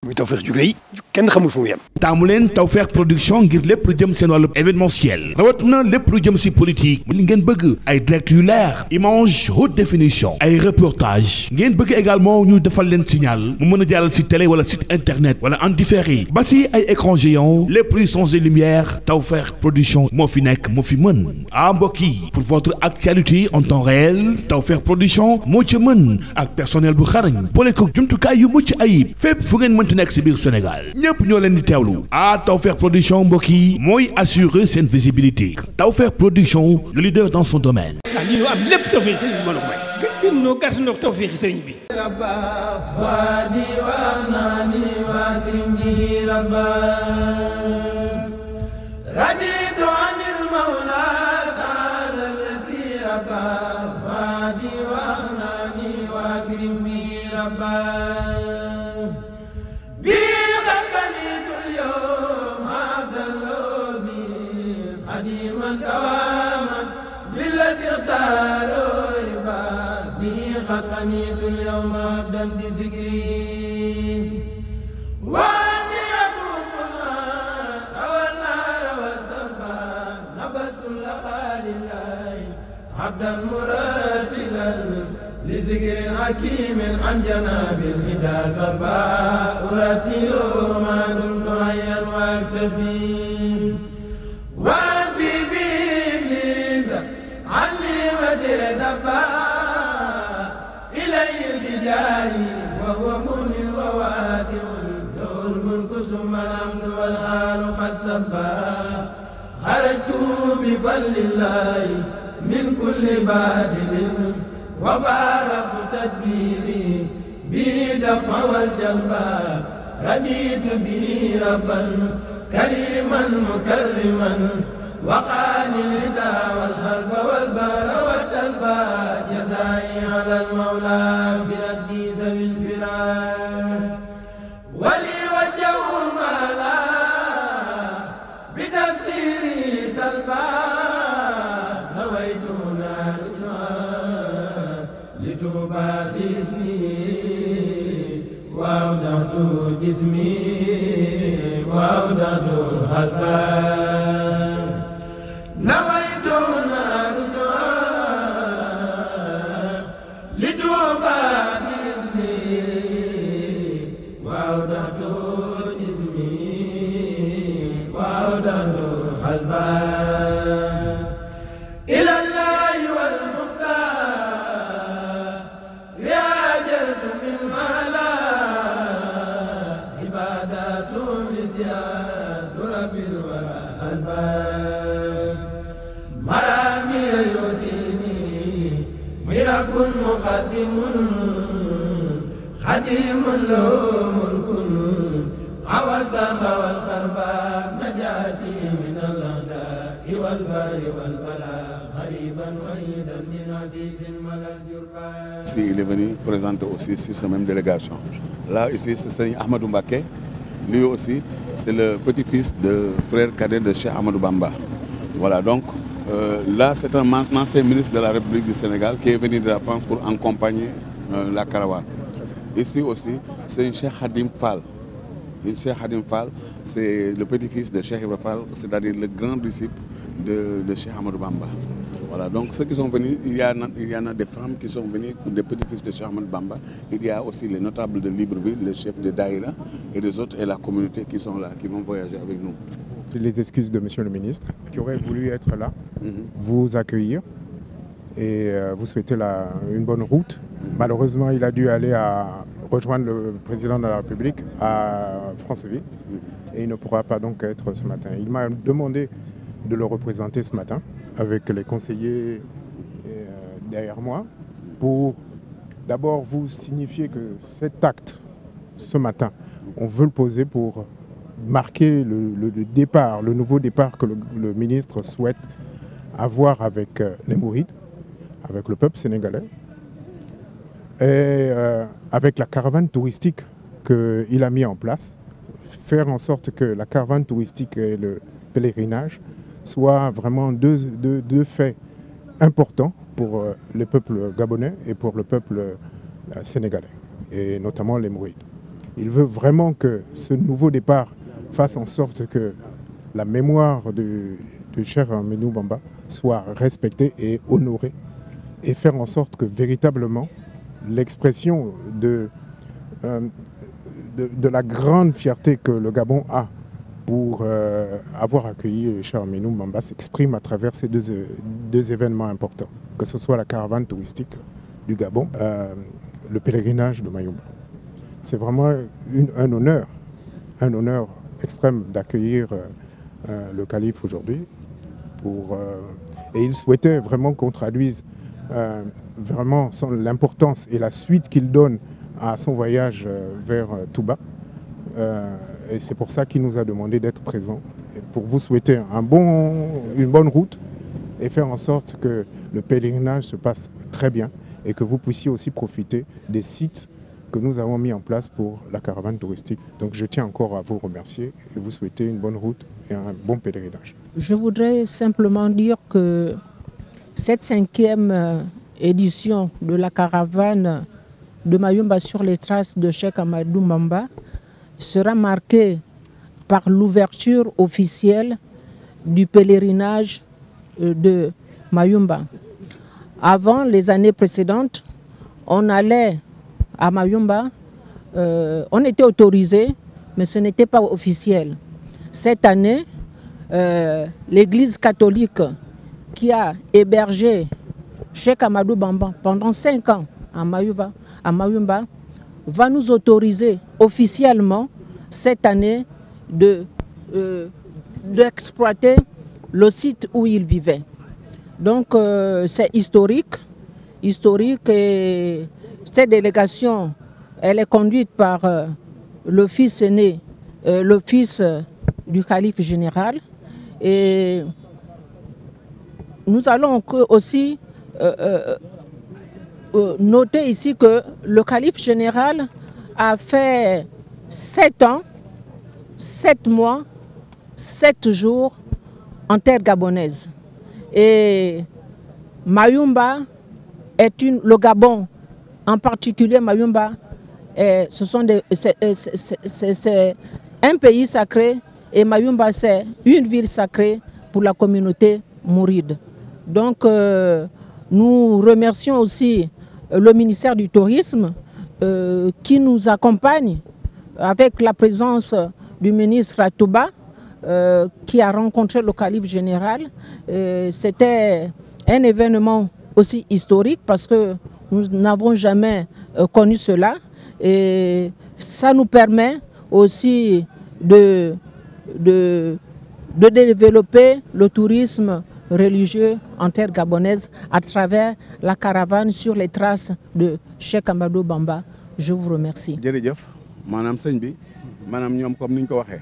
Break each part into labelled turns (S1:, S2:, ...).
S1: muy tawfeex ju rëy kenn xamul fu
S2: mu yem taamu leen Tawfekh production ngir lépp lu jëm seen wàllu événementiel rawat na lépp lu jëm si politique li ngeen bëgg ay direct yu leer image haute définition ay reportage ngeen bëgg également ñu defal leen signal mu mën a jàllal si télé wala site internet wala en différé ba si ay écran géant lépp luy son et lumière Tawfekh production moo fi nekk moo fi mën ah mbokk yi pour votre actualité en temps réel Tawfekh production moo ci mën ak personnel bu xarañ boole ko jumtukaay yu mucc ayib fépp fu ngeen mënti nekk si biir Sénégal lépp ñoo leen di teewlu ah Tawfekh production mbokk yi mooy assurer seen visibilité Tawfekh production le leader dans son domaine.
S3: ah lii ñu am lépp Tawfekh sëriñ bi mbooloo mooy. gën gën ñoo gàtt ñoo Tawfekh sëriñ bi. أنيت اليوم عبدا بذكري
S4: وأن
S3: يطوفنا روى النار وسبا نبس لقى لله عبدا مرتلا لذكر حكيم عن جناب الهدى سربا أرتل ما دمت حيا وأكتفي وأنفي بإبليس علمت دبا الجاه وهو مؤمن وواسع له الملك ثم الأمن والآل قد سبا خرجت بفضل الله من كل باطل وفارق تدبيري به دفع والجلبا رضيت به ربا كريما مكرما وقال الهدى والحرب والبار والتلبى جزائي على المولى اسمي وأودع القلب نويت أن أرجع لتوبة بإذني وأودع اسمي وأودع القلب حكيم له ملك عوز هوى الخربان نجاتي من الاعداء والبار والبلاء غريبا وحيدا من عزيز ملا الجربان
S5: Ici, il est venu présenter aussi sur cette même délégation. Là, ici, c'est Seigneur Ahmadou Mbaké. Lui aussi, c'est le petit-fils de frère cadet de Cheikh Ahmadou Bamba. Voilà, donc, euh, là, c'est un ancien ministre de la République du Sénégal qui est venu de la France pour accompagner euh, la caravane. Ici aussi, c'est une Cheikh Hadim Fall. Une Cheikh Hadim Fall, c'est le petit-fils de Cheikh Ibrahim Fall, c'est-à-dire le grand disciple de, de Cheikh Amadou Bamba. Voilà, donc ceux qui sont venus, il y, a, il y en a des femmes qui sont venues, des petits-fils de Charmant Bamba. Il y a aussi les notables de Libreville, les chefs de Daïra et les autres et la communauté qui sont là, qui vont voyager avec nous.
S1: Les excuses de Monsieur le ministre, qui aurait voulu être là, mm -hmm. vous accueillir et euh, vous souhaiter la, une bonne route. Mm -hmm. Malheureusement, il a dû aller à rejoindre le président de la République à Franceville mm. et il ne pourra pas donc être ce matin. Il m'a demandé de le représenter ce matin avec les conseillers euh, derrière moi pour d'abord vous signifier que cet acte, ce matin, on veut le poser pour marquer le, le, le départ, le nouveau départ que le, le ministre souhaite avoir avec euh, les Mourides, avec le peuple sénégalais, Et euh, avec la caravane touristique qu'il a mis en place, faire en sorte que la caravane touristique et le pèlerinage soient vraiment deux, deux, deux faits importants pour euh, le peuple gabonais et pour le peuple euh, sénégalais, et notamment les Mourides. Il veut vraiment que ce nouveau départ fasse en sorte que la mémoire du, du cher Menou Bamba soit respectée et honorée, et faire en sorte que véritablement l'expression de, euh, de, de, la grande fierté que le Gabon a pour euh, avoir accueilli Richard Menou Mamba s'exprime à travers ces deux, deux, événements importants, que ce soit la caravane touristique du Gabon, euh, le pèlerinage de Mayumba. C'est vraiment une, un honneur, un honneur extrême d'accueillir euh, euh, le calife aujourd'hui. Pour, euh, et il souhaitait vraiment qu'on traduise euh, vraiment l'importance et la suite qu'il donne à son voyage euh, vers euh, Touba. Euh, et c'est pour ça qu'il nous a demandé d'être présents, et pour vous souhaiter un bon, une bonne route et faire en sorte que le pèlerinage se passe très bien et que vous puissiez aussi profiter des sites que nous avons mis en place pour la caravane touristique. Donc je tiens encore à vous remercier et vous souhaiter une bonne route et un bon pèlerinage.
S6: Je voudrais simplement dire que cette cinquième euh, édition de la caravane de Mayumba sur les traces de Cheikh Amadou Bamba sera marquée par l'ouverture officielle du pèlerinage euh, de Mayumba. Avant, les années précédentes, on allait à Mayumba, euh, on était autorisé, mais ce n'était pas officiel. Cette année, euh, l'Église catholique qui a hébergé Cheikh Amadou Bamba pendant cinq ans à Mayumba, à Mayumba va nous autoriser officiellement cette année de euh, d'exploiter le site où il vivait. Donc euh, c'est historique, historique et cette délégation, elle est conduite par euh, le fils aîné, euh, le fils euh, du calife général et nous allons aussi euh, euh, euh, noter ici que le calife général a fait sept ans, sept mois, sept jours en terre gabonaise. Et Mayumba est une, le Gabon, en particulier Mayumba, est, ce sont des, c'est un pays sacré et Mayumba c'est une ville sacrée pour la communauté mouride. Donc, euh, nous remercions aussi euh, le ministère du Tourisme euh, qui nous accompagne avec la présence du ministre Atouba euh, qui a rencontré le calife général. Euh, c'était un événement aussi historique parce que nous n'avons jamais euh, connu cela et ça nous permet aussi de, de, de développer le tourisme religieux en terre gabonaise à travers la caravane sur les traces de Cheikh Amadou Bamba je vous remercie.
S5: jërëjëf maanaam sëñ bi maanaam ñoom comme ni ko waxee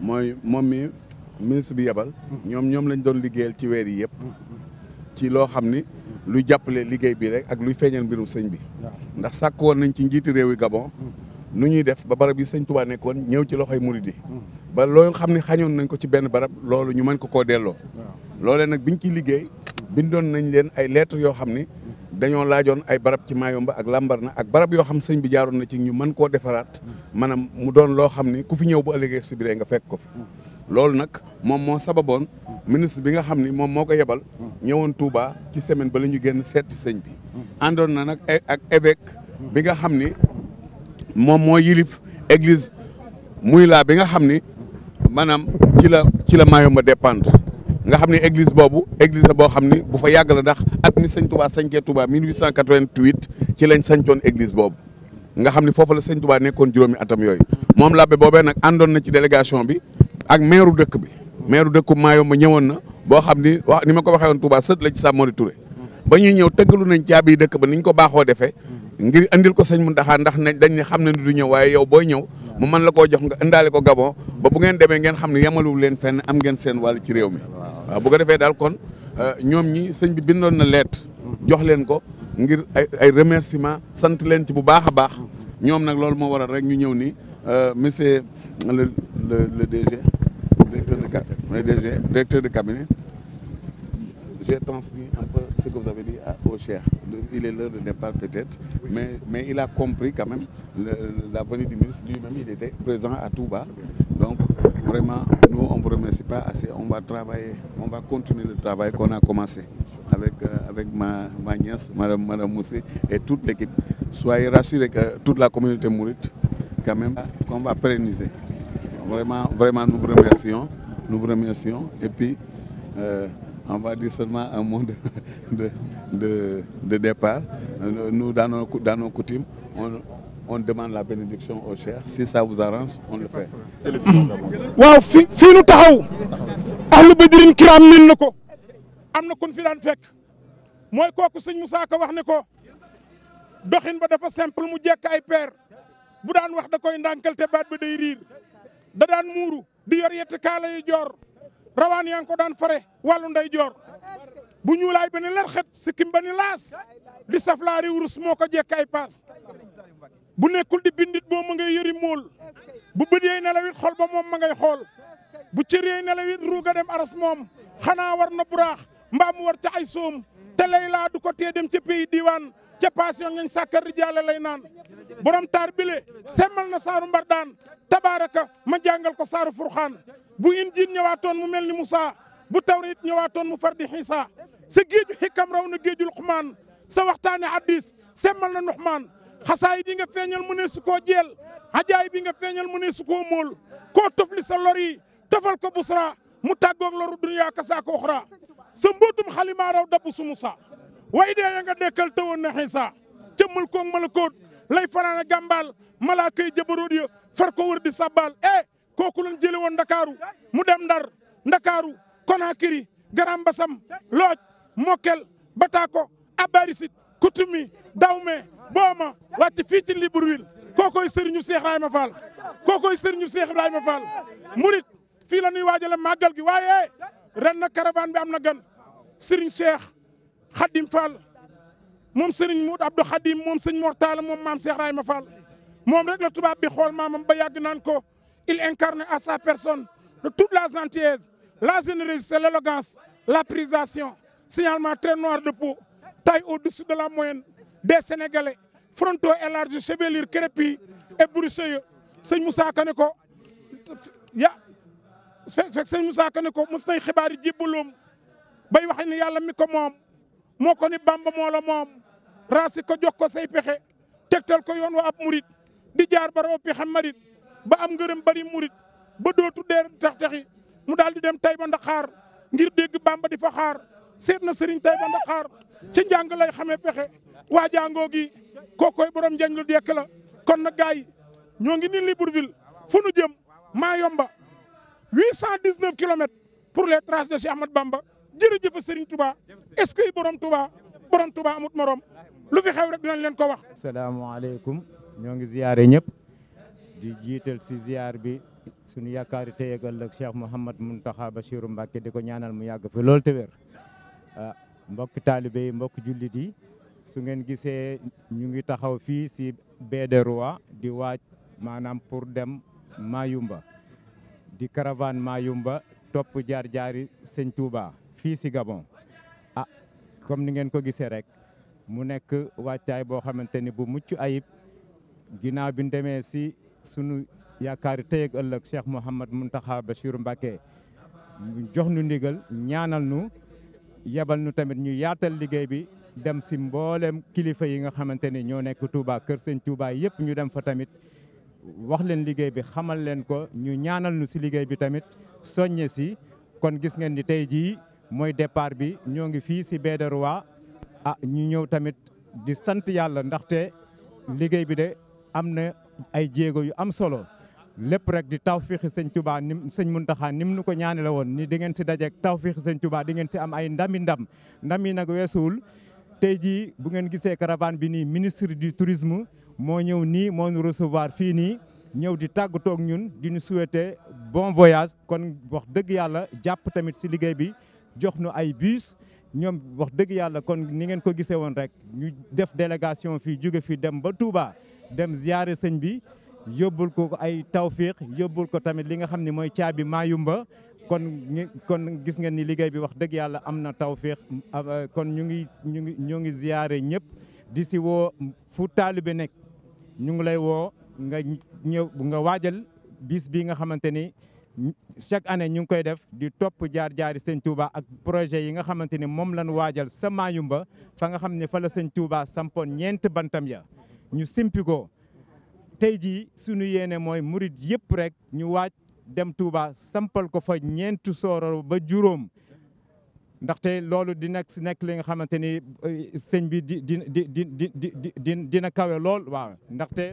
S5: mooy moom mi ministre bi yebal ñoom ñoom lañ doon liggéeyal ci weer yi yëpp ci loo xam ni luy jàppale liggéey bi rek ak luy feeñal mbirum sëñ bi ndax sàkk woon nañ ci njiitu réew yi Gabon nu ñuy def ba barab yi sëñ Touba nekkoon ñëw ci loxoy murid yi ba loo xam ni xañoon nañ ko ci benn barab loolu ñu mën ko koo delloo loolee nag biñ ci liggéey bindoon nañ leen ay lettres yoo xam ni dañoo laajoon ay barab ci Mayumba ak Lambaréné ak barab yoo xam sëñ bi jaaroon na ci ñu mën koo defaraat maanaam mu doon loo xam ni ku fi ñëw bu ëllëgee si biir nga fekk ko fi loolu nag moom moo sababoon ministre bi nga xam ni moom moo ko yebal ñëwoon Touba ci semaine ba la ñu génn seet si bi àndoon na nag e-, ak évêque bi nga xam ni moom moo yilif église muy laa bi nga xam ni maanaam ci la ci la Mayumba dépendre nga xam ne église boobu église boo xam ne bu fa yàgg la ndax at mi sëñ Touba sañcee Touba 1888 ci lañ sañcoon église boobu nga xam ne foofu la sëñ Touba nekkoon juróomi atam yooyu moom labbe boobee nag àndoon na ci délégation bi ak maire dëkk bi maire dëkku Mayumba ñëwoon na boo xam ni wax ni ma ko waxee woon Touba sët la ci Samori ba ñuy ñëw tëggalu nañ caabi dëkk ba niñ ko baaxoo defee ngir andil ko sëñ Mountakha ndax nañ dañ ne xam ne du ñëw waaye yow booy ñëw mu mën la koo jox nga indaale ko Gabon ba bu ngeen demee ngeen xam ne yamaluwul leen fenn am ngeen seen wàll ci réew mi waaw bu ko defee daal kon euh, ñoom ñi sëñ bi bindoon na leet jox leen ko ngir ay ay remerciement sant leen ci bu baax a baax ñoom nag loolu moo waral rek ñu ñëw ni euh, monsieur le le DG directeur de cabinet directeur de j'ai transmis un peu ce que vous avez dit au Cheikh. Il est l'heure de départ peut-être, mais, mais il a compris quand même la venue du ministre. Lui-même, il était présent à Touba. Donc, vraiment, nous, on ne vous pas assez. On va travailler, on va continuer le travail qu'on a commencé avec, euh, avec ma, ma, nièce, Madame, Madame Moussé, et toute l'équipe. Soyez rassurés que toute la communauté mourite, quand même, qu'on va pérenniser. Vraiment, vraiment, nous vous remercions. Nous vous remercions. Et puis, euh, on va dire seulement un mot de, de, de, départ. Nous, dans nos, on, demande la bénédiction au cher. Si ça vous arrange, on le fait. waaw fi fii nu taxaw ahlu Badrin kiram min na ko am na kun fi daan
S7: fekk mooy kooku sëñ Moussa Ka wax ne ko doxin ba dafa simple mu jekk ay peer bu daan wax da koy ndànkal te baat ba day riir da daan muuru di yor yett kaala yu joor rawaan yaa ngi ko daan fare wàllu nday joor bu ñuulaay ba ne lar xet sikkim ba ni laas di saflaari wurus moo ko jekk ay bu nekkul di bindit boo ma ngay yëri mool bu bët yeey nelawit xol ba moom ma ngay xool bu cër yeey nelawit ruuga dem aras moom xanaa war na buraax mbaa mu war ca ay soom te lay laa du ko tee dem ca diwaan diiwaan ca passion ngañ sàkkar rijaale lay naan borom taar bile semmal na saaru mbar daan tabaaraka ma jàngal ko saaru furxaan bu injiil ñëwaatoon mu mel ni Moussa bu tawriit ñëwaatoon mu far di xiisa sa géeju xikam raw na géejul xumaan sa waxtaane hadiis semmal na nuxmaan xasaay bi nga feeñal mu ne su koo jeel ajaay bi nga feeñal mu ne su koo móol koo tofli sa lor yi tofal ko busra mu tàggoog loru duniyaa kasaako uxra sa mbootum xalimaa raw dabbu su way dee ya nga tawoon na xiisa cëmmal koog malakoot lay fanaane gàmbaal malaaka yi jabaroot ya far ko wër di kooku lañ jëlee woon ndakaaru mu dem ndar ndakaaru Konakiri Grand Bassam Lodj Mokel Batako Abarisit Kutumi Dawme Booma wàcc fii ci Libreville kookoy sëriñu Cheikh Ibrahima Fall kookoy sëriñu Cheikh Ibrahima Fall murit fii la ñuy waajale màggal gi waaye ren na caravane bi am na gan sëriñ Cheikh Khadim Fall moom sëriñ Mout Abdou moom sëñ Mortala moom maam Cheikh Ibrahima Fall moom rek la tubaab bi xool maamam ba yàgg naan ko Il incarne à sa personne de toute la gentillesse, la se l'élégance, la prisation, signalement très noir de peau, taille au-dessus de la moyenne des Sénégalais, frontaux élargis, chevelure crépue et bourgeois. sëñ Moussa Kane ko ya fekk fekk Kane ko mos nañ xibaar yi jibbaloom bay wax ni yàlla mi ko moom moo ko ni Bamba moo la moom raasi ko jox ko say pexe tegtal ko yoon wa ab murit di jaar ba raw pexe marit ba am ngërëm bari murit ba doo tuddee tax taxi mu daal di dem Taïba xaar ngir dégg Bamba di fa xaar seet na Serigne Taïba Ndaxaar ci njàng lay xamee pexe waa jàngoo gi kookoy borom njañ lu dekk la kon na gars ñoo ngi nii Libreville fu nu jëm maa yomba 819 kilomètres pour les traces de Cheikh Ahmad Bamba jërëjëf Serigne Touba est-ce que borom Touba borom Touba amut morom lu fi xew rek dinañ leen ko wax.
S8: asalaamaaleykum ñoo ngi ziyaare ñëpp. di jiital si ziar bi suñu yaakaari tey ak ëllëg Cheikh Mouhamad ba Bachirou Mbacké di ko ñaanal mu yàgg fi loolu te wér ah, mbokk taalibe yi mbokk jullit yi su ngeen gisee ñu ngi taxaw fii si baie di waaj maanaam pour dem Mayumba di caravane Mayumba topp jaar jaari Sëñ Touba fii si Gabon ah comme ni ngeen ko gisee rek mu nekk wàccaay boo xamante ni bu mucc ayib ginnaaw bi ñu si sunu yaakaari tey ak ëllëg Cheikh Mouhamad Mountakha Bachir Mbacké jox nu ndigal ñaanal nu yabal nu tamit ñu yaatal liggéey bi dem si mboolem kilifa yi nga xamante ni ñoo nekk Touba Kër Sëñ Touba yëpp ñu dem fa tamit wax leen liggéey bi xamal leen ko ñu ñaanal nu si liggéey bi tamit soññe si kon gis ngeen ni tey jii mooy départ bi ñoo ngi fii si baie de ah, ñu ñëw tamit di sant yàlla ndaxte liggéey bi de am na ay jéego yu am solo lépp rek di tawfiixi sëñ Touba ni sëñ Muntaxa ni mu nu ko ñaane woon ni di ngeen si dajeek tawfiixi sëñ Touba di ngeen si am ay ndami ndam ndam yi nag weesuwul tey jii bu ngeen gisee caravane bi nii ministre du tourisme moo ñëw nii moo ñu recevoir fii nii ñëw di tàggatoog ñun di ñu souhaiter bon voyage kon wax dëgg yàlla jàpp tamit si liggéey bi jox nu ay bus ñoom wax dëgg yàlla kon ni ngeen ko gisee woon rek ñu def délégation fii jóge fii dem ba Touba dem ziyaare sëñ bi yóbbul ko ay tawfiix yóbbul ko tamit li nga xam ni mooy caabi maayumba kon kon gis nga ni liggéey bi wax dëgg yàlla am na tawfiix euh, kon ñu ngi ñu ngi ñoo ngi ziyaare ñëpp di si woo fu taalibe nekk ñu ngi lay woo nga ñëw nga waajal bis bi nga xamante ni chaque année ñu ngi koy def di topp jaar jaari sëñ Touba ak projet yi nga xamante ni moom lañ waajal sa maayumba fa nga xam ne fa la sëñ Touba sampoon ñeent bantam ya ñu simpi ko tey jii sunu yéene mooy murit yëpp rek ñu waaj dem tuuba sampal ko fa ñeentu sooro ba juróom ndaxte loolu di nekk si nekk li nga xamante ni eh, sëñ bi di di di di di di dina kawe lool waaw ndaxte.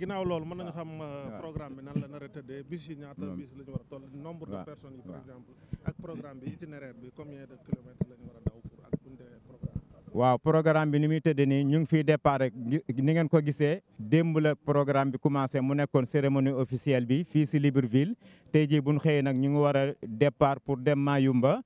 S7: ginnaaw loolu mën nañu xam euh, programme bi nan la nar a tëddee bis yi ñaata bis la ñu a toll nombre de personnes yi par exemple ak programme bi itinéraire bi combien de kilomètres la ñu war a daw pour ak bu ñu
S8: waaw programme bi ni muy tëddee nii ñu ngi fiy départ rek ni ngeen ko gisee démb programme bi commencé mu nekkoon cérémonie officielle bi fii si Libreville tey jii bu ñu xëyee nag ñu ngi war a départ pour dem Mayumba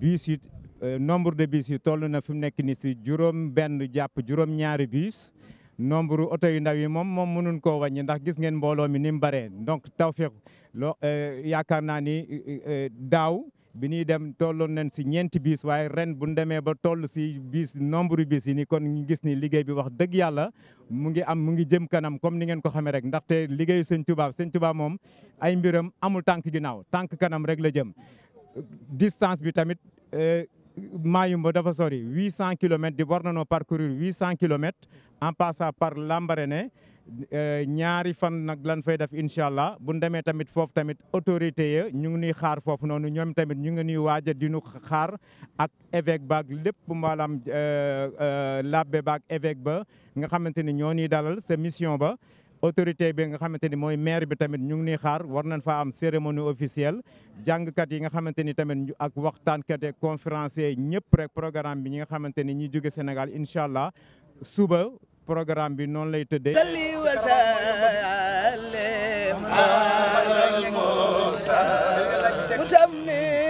S8: bus yi euh, nombre de bus yi toll na fi mu nekk nii si juróom-benn jàpp juróom-ñaari bus. nombre oto yu ndaw yi moom moom mënuñ koo wàññi ndax gis ngeen mbooloo mi ni mu baree donc tawfeex loo euh, yaakaar naa ni euh, daaw. bi ñuy dem tolloon nañ si ñeenti biis waaye ren bu ñu demee ba toll si bis nombre bis yi ni kon ñu gis ni liggéey bi wax dëgg yàlla mu ngi am mu ngi jëm kanam comme ni ngeen ko xamee rek ndaxte liggéeyu sëñ Tuubaa sëñ Tuubaa moom ay mbiram amul tànk ginnaaw tànk kanam rek la jëm distance bi tamit euh, Mayumba dafa sori huit cent kilomètres di war nañoo parcourir huit cent kilomètres en passant par Lambaréné euh, ñaari fan nag lan fay def incha allah bu ñu demee tamit foofu tamit autorité ya ñu ngi nuy xaar foofu noonu ñoom tamit ñu ngi nuy waaja di nu xaar ak évêque baak lépp maanaam euh, euh, labbe baag évêque ba nga xamante ni ñoo ñuy dalal sa mission ba autorité bi nga xamante ni mooy maire bi tamit ñu ngi nii xaar war nañ fa am cérémonie officielle jàngkat yi nga xamante ni tamit ak waxtaankat ak conférencier ñëpp rek programme bi ñi nga xamante ni ñi jóge Sénégal incha allah suba programme bi noonu lay tëddee.
S2: متأمل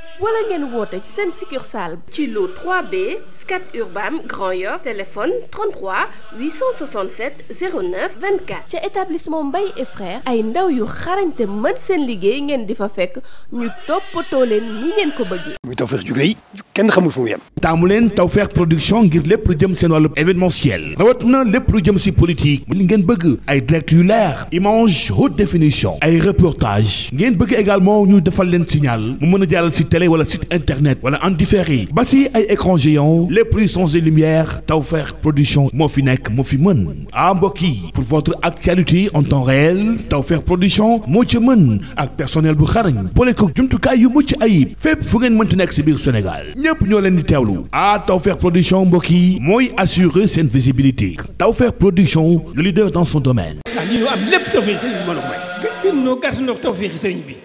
S4: wala ngeen woote ci seen succursale ci lu 3B Scat Urbam Grand Yoff téléphone 33 867 09 ca établissement Mbaye et ay ndaw yu xarañte mën seen liggéey ngeen di fa fekk ñu toppatoo leen ni ngeen ko bëggee
S1: muy Tawfekh ju
S2: rëy kenn xamul fu mu yem taamu leen Tawfekh production ngir lépp lu jëm seen wàllu événementiel rawat na lépp lu jëm si politique li ngeen bëgg ay direct yu leer image haute définition ay reportage ngeen bëgg également ñu defal leen signal mu wala site internet wala en différé ba si ay écran géant les prix sont et lumière Tawfekh production moo fi nekk moo fi mën ah mbokk yi pour votre actualité en temps réel Tawfekh production moo ci mën ak personnel bu xarañ boole ko jumtukaay yu mucc ayib fépp fu ngeen mënti nekk si biir Sénégal ñépp ñoo leen di teewlu ah Tawfekh production mbokk yi mooy assurer seen visibilité Tawfekh production le leader dans son domaine.
S3: Ah, am lépp Tawfekh sëriñ